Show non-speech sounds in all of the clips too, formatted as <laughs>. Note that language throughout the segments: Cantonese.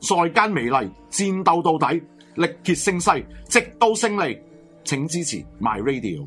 在間美麗，戰鬥到底，力竭聲嘶，直到勝利。請支持 My Radio。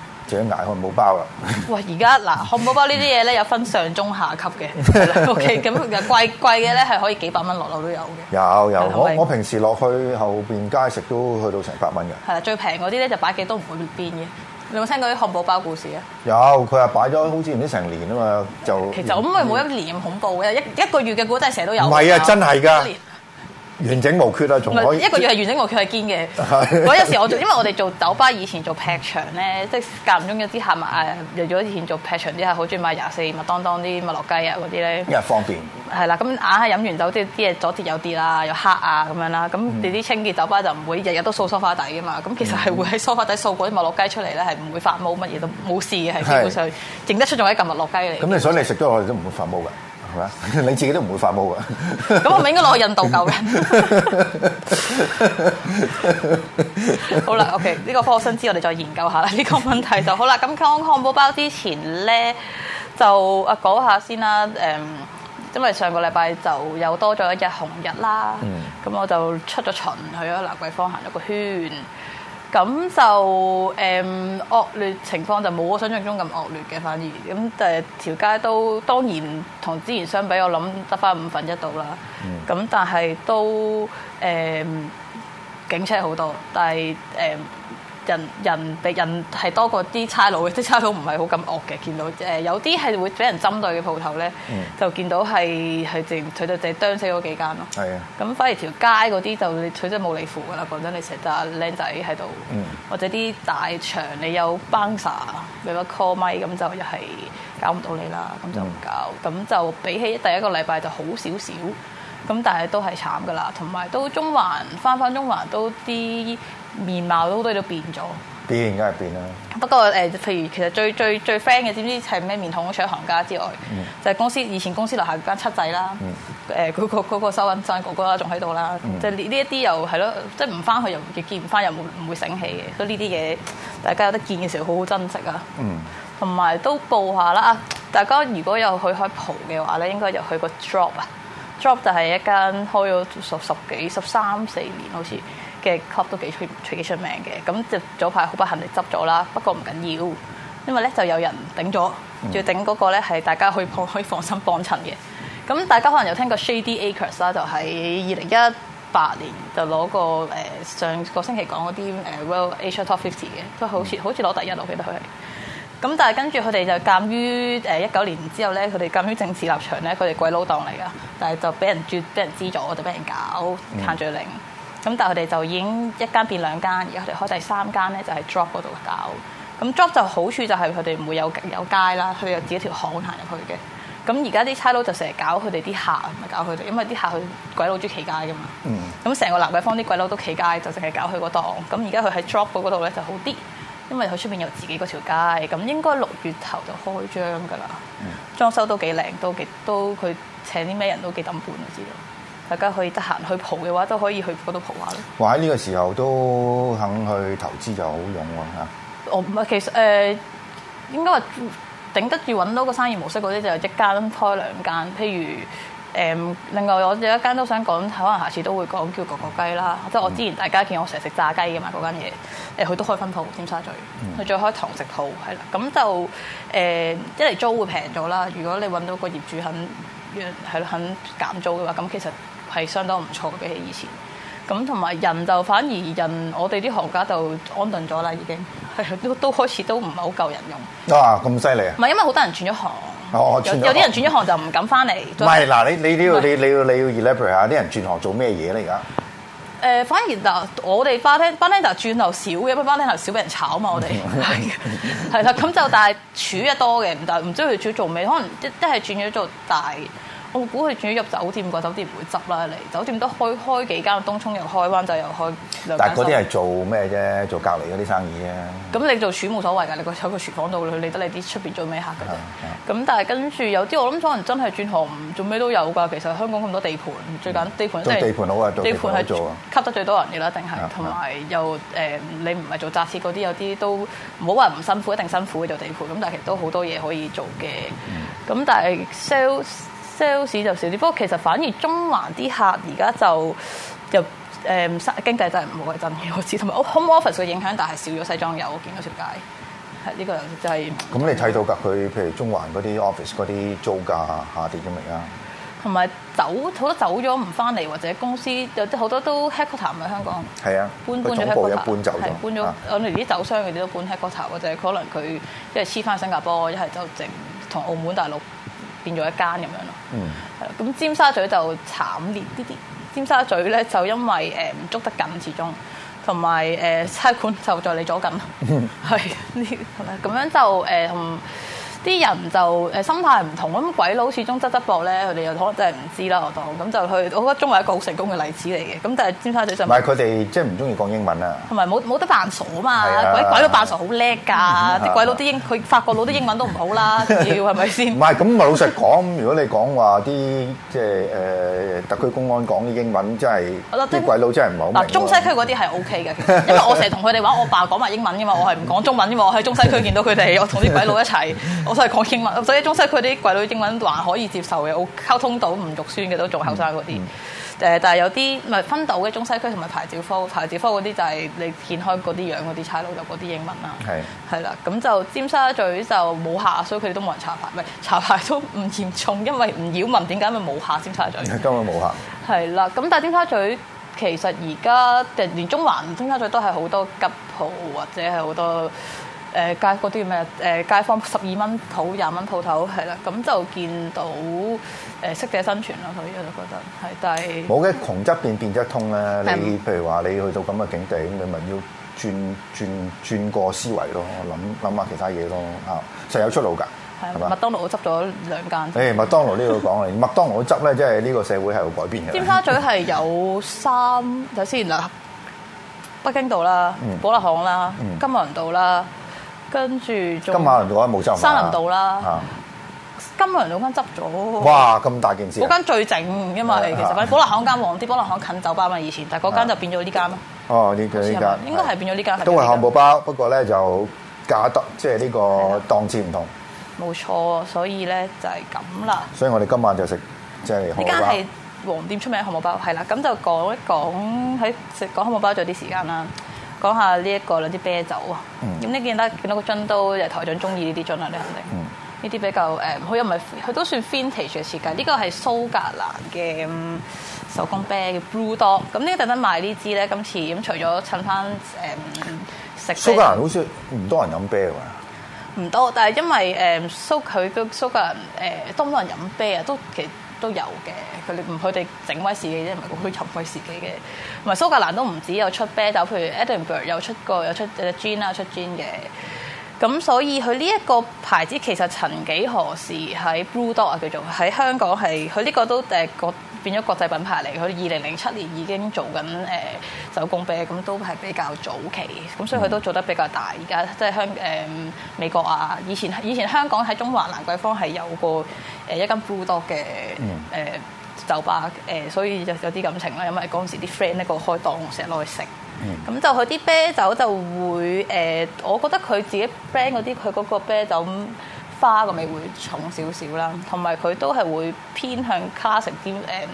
想捱漢堡包啦！喂，而家嗱漢堡包呢啲嘢咧有分上中下級嘅 <laughs> ，OK？咁就貴貴嘅咧，係可以幾百蚊落樓都有嘅。有有，對我我平時落去後邊街食都去到成百蚊嘅。係啦，最平嗰啲咧就擺幾多都唔會變嘅。你有冇聽過啲漢堡包故事啊？有，佢話擺咗好似唔知成年啊嘛，就其實咁咪冇一年咁恐怖嘅，一、嗯嗯、一個月嘅古仔都成日都有。唔係啊，以真係㗎。完整無缺啦，仲可以不一個月係完整無缺，係堅嘅。 <laughs> 候我有時我做，因為我哋做酒吧以前做劈場咧， <laughs> 即係間唔中有啲客物。誒，由咗以前做劈場啲客好中意買廿四麥當當啲麥樂雞啊嗰啲咧，因為方便係啦。咁硬係飲完酒啲啲嘢左跌右跌啦，又黑啊咁樣啦。咁你啲清潔酒吧就唔會日日都掃梳化底嘅嘛。咁其實係會喺梳化底掃嗰啲麥樂雞出嚟咧，係唔會發毛乜嘢都冇事嘅，係基本上整是得出仲係噉麥樂雞嚟。咁你想你食咗我哋都唔會發毛㗎。係嘛？你自己都唔會發毛噶。咁我咪應該攞去印度救咧。 <laughs> <laughs> 好啦，OK，呢個科學新知我哋再研究一下啦。呢個問題就好啦。咁講漢堡包之前咧，就啊講下先啦。誒、嗯，因為上個禮拜就又多咗一隻紅日啦。咁、嗯、我就出咗巡去咗蘭桂坊行咗個圈。咁就誒、嗯、惡劣情況就冇我想像中咁惡劣嘅，反而咁就條街都當然同之前相比，我諗得返五分一度啦。咁、嗯、但係都誒警車好多，但係誒。嗯人人被人係多過啲差佬嘅，即差佬唔係好咁惡嘅。見到誒有啲係會俾人針對嘅鋪頭咧，嗯、就見到係係淨佢就淨啄死嗰幾間咯。係啊，咁反而條街嗰啲就佢真係冇你符㗎啦。講真，你成扎靚仔喺度，嗯、或者啲大場你有 bouncer 你把 call 咪，咁就又係搞唔到你啦。咁就唔搞。咁、嗯、就比起第一個禮拜就好少少。咁但係都係慘㗎啦。同埋到中環翻返中環都啲。面貌都好多都變咗，變梗係變啦。不過誒，譬、呃、如其實最最最 friend 嘅，知唔知係咩？面桶除咗行家之外，嗯、就係公司以前公司樓下嗰間七仔啦。誒、嗯呃，嗰、嗰個嗰個收銀收銀哥哥啦，仲喺度啦。嗰個嗯、就呢一啲又係咯，即係唔翻去又亦見唔翻，又又唔會醒起嘅。所以呢啲嘢，大家有得見嘅時候好好珍惜啊。同埋都報一下啦，大家如果有去開蒲嘅話咧，應該有去個 drop。Drop 就係一間開咗十十幾十三四年好似嘅 Club 都幾出唔出名嘅，咁就早排好不幸地執咗啦，不過唔緊要，因為咧就有人頂咗，仲要頂嗰個咧係大家可以放可以放心幫襯嘅。咁大家可能有聽過 Shady Acres 啦，就喺二零一八年就攞個誒上個星期講嗰啲誒 World Asia Top 50嘅，都好似、嗯、好似攞第一，我記得佢係。咁但係跟住佢哋就鑑於誒一九年之後咧，佢哋鑑於政治立場咧，佢哋鬼佬檔嚟噶，但係就俾人住，俾人知咗，我就俾人搞限聚令。咁、嗯、但係佢哋就已經一間變兩間，而家佢哋開第三間咧，就喺 drop 度搞。咁 drop 就好處就係佢哋唔會有有街啦，佢哋有自己條巷行入去嘅。咁而家啲差佬就成日搞佢哋啲客，唔係搞佢哋，因為啲客去鬼佬中企街噶嘛。咁成、嗯、個蘭桂坊啲鬼佬都企街，就淨係搞佢個檔。咁而家佢喺 drop 嗰度咧就好啲。因為佢出面有自己嗰條街，咁應該六月頭就開張噶啦。嗯、裝修都幾靚，都幾都佢請啲咩人都幾抌本嘅。也知道，大家可以得閒去蒲嘅話，都可以去嗰度蒲下咯。話喺呢個時候都肯去投資就好勇喎嚇。我唔係其實誒、呃，應該話頂得住揾到個生意模式嗰啲就一間開兩間，譬如。誒，另外我有一間都想講，可能下次都會講叫國國雞啦，即係、嗯、我之前大家見我成日食炸雞嘅嘛，嗰間嘢，誒、佢都開分鋪尖沙咀，佢再、嗯、開堂食鋪，係啦，咁就誒、呃、一嚟租會平咗啦，如果你搵到個業主肯，係咯肯減租嘅話，咁其實係相當唔錯嘅比起以前。咁同埋人就反而人，我哋啲行家就安頓咗啦，已經係都都開始都唔係好夠人用。哇，咁犀利啊！唔係，因為好多人轉咗行。哦，有啲人轉咗行就唔敢翻嚟。唔係、哦，嗱以，你你你要你是你要你要 elaborate 下啲人轉一行做咩嘢咧而家？誒、呃，反而嗱，我哋花廳，花廳就轉頭少嘅，因為花廳就少俾人炒嘛，我哋係係啦，咁 <laughs> 就但係儲嘅多嘅，唔但係唔知佢儲做咩，可能一都係轉咗做大。我估佢轉入酒店，個酒店唔會執啦，嚟酒店都開開幾間，東涌又開，灣仔又開兩間，但係嗰啲係做咩啫？做隔離嗰啲生意啫。咁你做廚冇所謂㗎，你個喺個廚房度，你得你啲出邊做咩客㗎啫。咁但係跟住有啲我諗可能真係轉行，做咩都有㗎。其實香港咁多地盤，最緊地盤即係地盤好啊，地盤係吸得最多人嘅啦，一定係。同埋又誒，你唔係做雜設嗰啲，有啲都唔好話唔辛苦，一定辛苦去做地盤。咁但係其實都好多嘢可以做嘅。咁但係 sales。sales 就少啲，不過其實反而中環啲客而家就就誒、呃、經濟真係唔好真嘅我知，同埋 home office 嘅影響大，但係少咗西裝有我見到條街，係、這、呢個就係、是。咁你睇到㗎，佢譬如中環嗰啲 office 嗰啲租價下跌咗未啊？同埋走好多走咗唔翻嚟，或者公司有好多都 headquarter 唔喺香港。係啊，搬 headquarter，一搬咗 headquarter 搬咗，我哋啲酒商嗰啲都搬 headquarter 嘅啫，可能佢一係黐翻新加坡，一係就整同澳門大陸。變咗一間咁樣咯，係啦。咁尖沙咀就慘烈啲啲，尖沙咀咧就因為誒唔、欸、捉得緊，始終同埋誒差館就在你左近，係呢、嗯，咁樣就、欸嗯啲人就誒心態唔同，咁鬼佬始終側側膊咧，佢哋又可能真係唔知啦，我當咁就去，我覺得中環係一個好成功嘅例子嚟嘅。咁但係尖沙咀就唔係，佢哋即係唔中意講英文啊，同埋冇冇得扮傻啊嘛！的鬼鬼佬扮傻好叻㗎，啲鬼佬啲英佢法國佬啲英文都唔好啦，要係咪先？唔係咁，咪老實講，如果你講話啲即係誒特區公安講啲英文，真係我覺得啲鬼佬真係唔好。嗱，中西區嗰啲係 OK 嘅，因為我成日同佢哋話，我爸講埋英文㗎嘛，我係唔講中文㖏，我喺中西區見到佢哋，我同啲鬼佬一齊。我都係講英文，所以中西區啲鬼佬英文還可以接受嘅，我溝通到唔肉酸嘅都做後生嗰啲。誒、嗯，嗯、但係有啲唔係分島嘅中西區同埋牌照科，牌照科嗰啲就係你見開嗰啲樣嗰啲差佬就嗰啲英文啦。係係啦，咁就尖沙咀就冇下，所以佢哋都冇人查牌，唔係查牌都唔嚴重，因為唔擾民。點解咪冇下，今日尖沙咀？根本冇下。係啦，咁但係尖沙咀其實而家連中環、尖沙咀都係好多吉鋪或者係好多。街啲咩？街坊十二蚊土，廿蚊鋪頭係啦，咁就見到誒適者生存咯。所以我就覺得係，但係冇嘅窮則變，變則通，變則通咧。你譬如話你去到咁嘅境地，咁你咪要轉轉轉過思維咯，諗諗下其他嘢咯。嚇，實有出路㗎。係的的麥當勞我執咗兩間。誒麥當勞呢度講嚟，麥當勞，這 <laughs> 麥當勞執咧，即係呢個社會係會改變嘅。尖沙咀係有三，首先嗱，北京道啦，寶、嗯、立巷啦，金輪道啦。跟住金馬倫道間冇仲，山林道啦，金馬倫嗰間執咗。哇！咁大件事，嗰間最正，因為其實反正寶勒巷間黃啲，寶勒巷近酒吧嘛，以前，但係嗰間就變咗呢間咯。哦，呢間呢間，應該係變咗呢間。都係漢堡包，不過咧就價得，即係呢個檔次唔同。冇錯，所以咧就係咁啦。所以我哋今晚就食即係呢間係黃店出名漢堡包，係啦，咁就講一講喺食個漢堡包仲有啲時間啦。講下呢、這、一個啦，啲啤酒啊，咁、嗯、你見得見到個樽都，又台長中意呢啲樽啦，你肯定。呢啲比較誒，佢又唔係，佢都算 vintage 嘅設計。呢、這個係蘇格蘭嘅手工啤叫 BrewDog。咁、嗯 Blue 嗯、呢特登賣呢支咧，今次咁除咗趁翻誒食。蘇格蘭好似唔多人飲啤㗎。唔多，但係因為誒、嗯、蘇佢嘅蘇格蘭誒、呃、多唔多人飲啤啊，都其都有嘅，佢哋唔佢哋整威士忌啫，唔係係沉威士忌嘅。同埋蘇格蘭都唔止有出啤酒，譬如 Edinburgh 有出個有出 Gin 啦，有出 Gin 嘅。咁所以佢呢一個牌子其實曾幾何時喺 BrewDog 啊叫做喺香港係佢呢個都誒國、呃、變咗國際品牌嚟，佢二零零七年已經做緊誒、呃、手工啤，咁都係比較早期，咁所以佢都做得比較大。而家、嗯、即係香誒美國啊，以前以前香港喺中環蘭桂坊係有個誒、呃、一間 BrewDog 嘅誒、呃、酒吧，誒所以就有啲感情啦，因為嗰陣時啲 friend 喺嗰度開檔，成日攞去食。咁、嗯、就佢啲啤酒就會、呃、我覺得佢自己 brand 嗰啲佢嗰個啤酒花嘅味會重少少啦，同埋佢都係會偏向 classic 啲、呃、誒，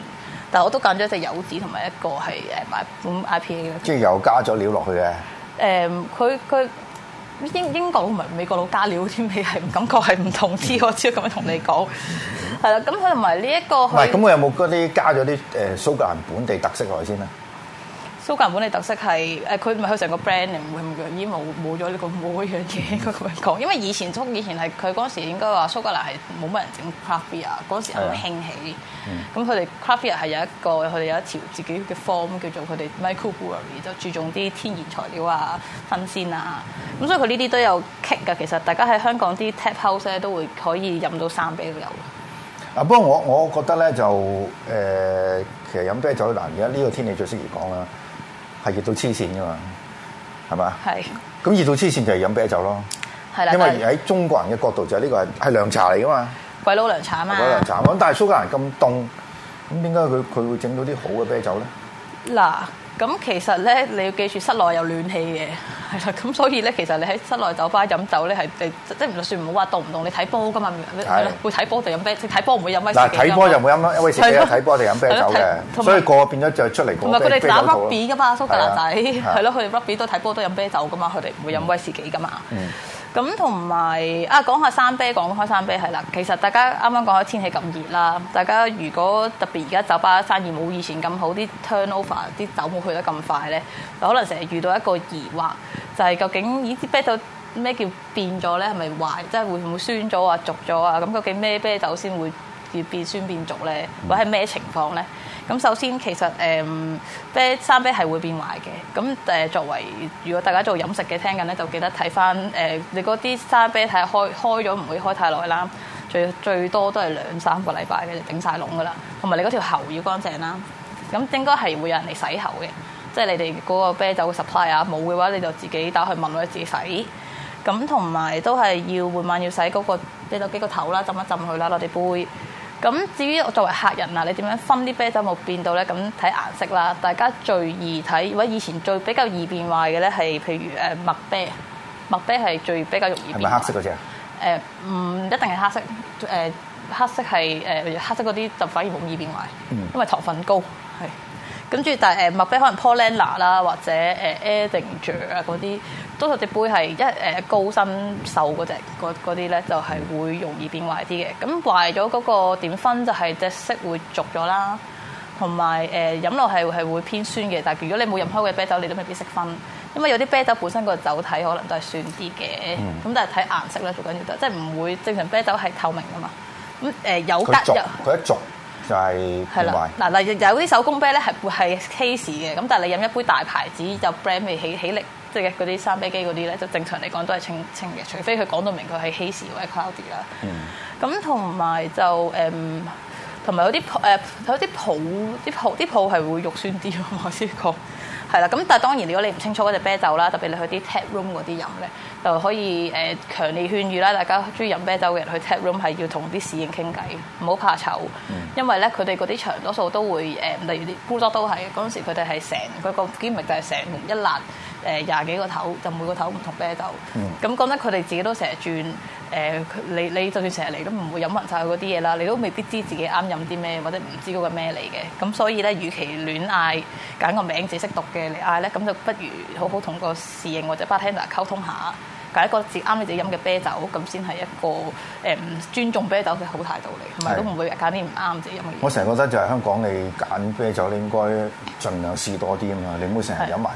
但我都揀咗一隻柚子同埋一個係麥本 IPA 嘅，即係又加咗料落去嘅。誒、呃，佢佢英英國佬唔係美國佬加料啲味係感覺係唔同啲， <laughs> 我知，咁樣同你講。係啦，咁佢同埋呢一個。係、呃，咁佢有冇嗰啲加咗啲誒蘇格蘭本地特色落去先啊？蘇格蘭本地特色係，誒佢唔係佢成個 brand 嚟，唔會唔容易冇冇咗呢個冇呢樣嘢。應該咁樣講，因為以前蘇以前係佢嗰時應該話蘇格蘭係冇乜人整 craft beer，嗰時喺度興起。咁佢哋 craft beer 係有一個佢哋有一條自己嘅 form 叫做佢哋 microbrewery，就注重啲天然材料啊、新鮮啊。咁、嗯、所以佢呢啲都有 kick 㗎。其實大家喺香港啲 tap house 咧都會可以飲到三杯都有。啊，不過我我覺得咧就誒、呃，其實飲啤酒嗱，而家呢個天氣最適宜講啦。係熱到黐線噶嘛，係嘛？係。咁熱到黐線是就係飲啤酒咯，係啦的。因為喺中國人嘅角度就係、是、呢、這個係係涼茶嚟噶嘛，鬼佬涼茶啊嘛。涼茶咁，但係蘇格蘭咁凍，咁點解佢佢會整到啲好嘅啤酒咧？嗱。咁其實咧，你要記住室內有暖氣嘅，係啦。咁所以咧，其實你喺室內酒吧飲酒咧，係誒，即係唔算唔好話凍唔凍，你睇波噶嘛，係啦的，會睇波定飲啤，睇波唔會飲威士忌。睇波就唔會飲威士忌，睇波就飲啤酒嘅，嗎所以個變咗就出嚟。唔係佢哋打 rugby 嘅嘛，蘇格蘭仔係咯，佢哋 rugby 都睇波都飲啤酒噶嘛，佢哋唔會飲威士忌噶嘛。嗯嗯咁同埋啊，講下生啤，講開生啤係啦。其實大家啱啱講開天氣咁熱啦，大家如果特別而家酒吧生意冇以前咁好，啲 turnover 啲酒冇去得咁快咧，就可能成日遇到一個疑惑，就係、是、究竟呢支啤酒咩叫變咗咧？係咪壞？即係會唔會酸咗啊、濁咗啊？咁究竟咩啤酒先會越變酸變濁咧？或係咩情況咧？咁首先其實誒、呃、啤生啤係會變壞嘅。咁誒、呃、作為如果大家做飲食嘅聽緊咧，就記得睇翻誒你嗰啲生啤睇下開開咗唔會開太耐啦，最最多都係兩三個禮拜嘅就頂曬籠噶啦，同埋你嗰條喉要乾淨啦，咁應該係會有人嚟洗喉嘅，即係你哋嗰個啤酒嘅 supply 啊，冇嘅話你就自己打去問或自己洗，咁同埋都係要每晚要洗嗰、那個呢度幾個頭啦，浸一浸佢啦，攞啲杯。咁至於我作為客人啊，你點樣分啲啤酒有冇變到咧？咁睇顏色啦，大家最易睇，如果以前最比較易變壞嘅咧，係譬如誒麥啤，麥啤係最比較容易，容易變壞。係咪黑色嗰隻？誒唔、呃、一定係黑色，誒、呃、黑色係如、呃、黑色嗰啲就反而冇易變壞，嗯、因為糖分高係。咁跟住但係誒麥啤可能 Paulaner 啦，或者誒 Erdinger 啊嗰啲。呃多數隻杯係一誒高身瘦嗰隻，嗰啲咧就係會容易變壞啲嘅。咁壞咗嗰個點分就係、是、隻色會濁咗啦，同埋誒飲落係係會偏酸嘅。但係如果你冇飲開嘅啤酒，你都未必識分，因為有啲啤酒本身個酒體可能都係酸啲嘅。咁、嗯、但係睇顏色咧，做緊要得，即係唔會正常啤酒係透明噶嘛。咁誒有得㗎。佢一濁，就係變壞。嗱嗱，有啲手工啤咧係會係 case 嘅，咁但係你飲一杯大牌子就 brand 味起起力。嘅嗰啲三啤機嗰啲咧，就正常嚟講都係清清嘅，除非佢講到明佢係 hazy 或者 cloudy 啦。咁同埋就誒，同埋有啲誒、呃、有啲鋪，啲鋪啲鋪係會肉酸啲咯。我先講係啦。咁但係當然，如果你唔清楚嗰隻啤酒啦，特別你去啲 tap room 嗰啲飲咧，就可以誒、呃、強烈勸喻啦！大家中意飲啤酒嘅人去 tap room 係要同啲侍應傾偈，唔好怕醜，mm. 因為咧佢哋嗰啲場多數都會誒，例如啲 g u 都係嗰陣時候佢係，佢哋係成佢個 gimmick 就係成一辣。Mm. 一誒廿幾個頭，就每個頭唔同啤酒。咁覺得佢哋自己都成日轉誒，你你就算成日嚟都唔會飲埋曬嗰啲嘢啦。你都未必知自己啱飲啲咩，或者唔知嗰個咩嚟嘅。咁所以咧，與其亂嗌揀個名自己識讀嘅嚟嗌咧，咁就不如好好同個侍應或者 bartender 溝通下，揀一個字啱你自己飲嘅啤酒，咁先係一個誒尊重啤酒嘅好態度嚟。係，唔係都唔會揀啲唔啱自己飲嘅。我成日覺得就係香港你揀啤酒，你應該儘量試多啲啊嘛，你唔會成日飲埋。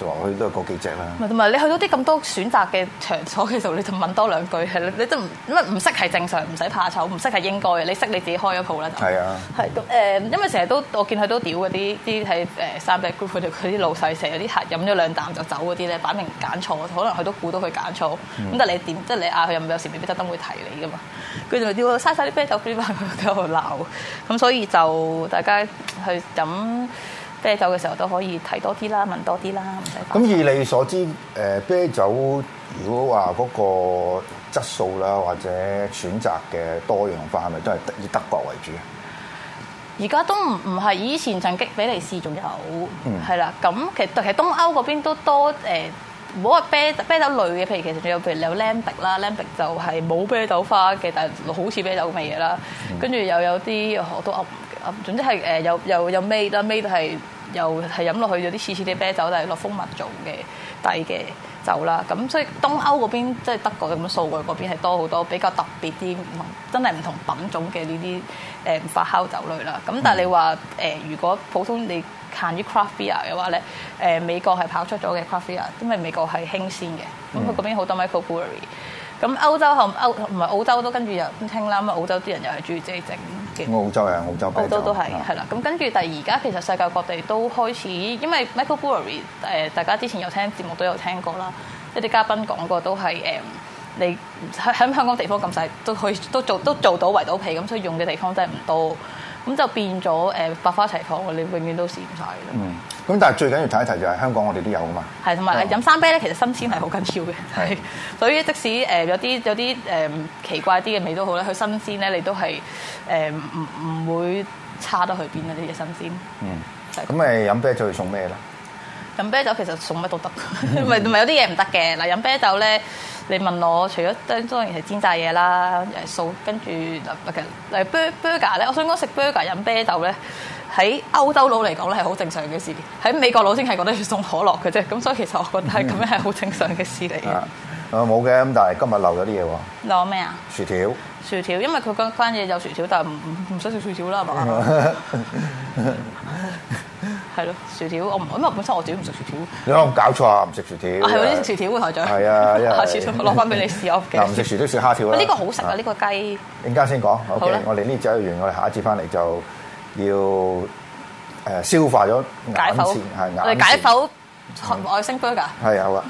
就話去都係嗰幾隻啦。唔係唔係，你去到啲咁多選擇嘅場所嘅時候，你就問多兩句。你你都唔乜唔識係正常，唔使怕醜。唔識係應該嘅，你識你自己開咗鋪啦。係啊係。係咁誒，因為成日都我見佢都屌嗰啲啲喺誒三隻 group 度，佢啲老細成日啲客飲咗兩啖就走嗰啲咧，擺明揀錯，可能佢都估到佢揀錯。咁、嗯、但係你點？即係你嗌佢入，佢有，有，有時未必特登會提你噶嘛。佢就要嘥晒啲啤酒佢 group 喺度鬧。咁所以就大家去飲。啤酒嘅時候都可以睇多啲啦，問多啲啦，唔使咁，以你所知，誒啤酒如果話嗰個質素啦，或者選擇嘅多樣化，係咪都係以德國為主？而家都唔唔係以前曾經比利時仲有，嗯，係啦。咁其實其實東歐嗰邊都多誒，唔好話啤酒啤酒類嘅，譬如其實有譬如你有 Lambic 啦，Lambic 就係冇啤酒花嘅，嗯、但好似啤酒嘅嘢啦。跟住、嗯、又有啲好多，噏總之係誒有有有 Made 啦，Made 係。又係飲落去有啲黐黐啲啤酒，但係落蜂蜜做嘅低嘅酒啦。咁所以東歐嗰邊即係德國咁嘅數據嗰邊係多好多比較特別啲，真係唔同品種嘅呢啲誒發酵酒類啦。咁但係你話誒、呃，如果普通你限於 craft beer 嘅話咧，誒、呃、美國係跑出咗嘅 craft beer，因為美國係興鮮嘅，咁佢嗰邊好多 micro brewery。咁歐洲後歐唔係澳洲都跟住又興啦，咁澳洲啲人又係鍾意自己整。澳洲係澳洲比較多都係，係啦的。咁跟住，但係而家其實世界各地都開始，因為 Michael Burry，大家之前有聽節目都有聽過啦，一啲嘉賓講過都係誒、嗯，你喺喺香港地方咁細，都可以都做都做到圍到皮咁，所以用嘅地方真係唔多。咁就變咗誒百花齊放嘅，你永遠都試唔晒嘅。嗯，咁但係最緊要睇一睇就係、是、香港我們也，我哋都有噶嘛。係同埋咧飲生啤咧，其實新鮮係好緊要嘅。係是，所以即使誒有啲有啲誒奇怪啲嘅味都好咧，佢新鮮咧，你都係誒唔唔會差得去邊，嗰啲嘢新鮮。嗯，咁你飲啤酒要送咩啦？飲啤酒其實送乜都得，唔係唔係有啲嘢唔得嘅嗱，飲啤酒咧。你問我，除咗當當然係煎炸嘢啦，又素，跟住嗱 b u burger 咧，我想講食 burger 飲啤酒咧，喺歐洲佬嚟講咧係好正常嘅事，喺美國佬先係覺得要送可樂嘅啫。咁所以其實我覺得係咁樣係好正常嘅事嚟嘅、嗯啊。啊，冇嘅，咁但係今日漏咗啲嘢喎。漏咩啊？薯條。薯條，因為佢嗰間嘢有薯條，但係唔唔唔使食薯條啦，係嘛？ <laughs> 係咯薯條，我唔，因為本身我自己唔食薯條。你有冇搞錯啊？唔食薯條？係我先食薯條嘅台長。係啊，下次攞翻俾你試下。唔食薯條食蝦條啦。呢個好食啊！呢個雞。陣間先講，OK，我哋呢集完，我哋下一節翻嚟，就要誒消化咗解剖，係解解剖外星 burger。係有啊。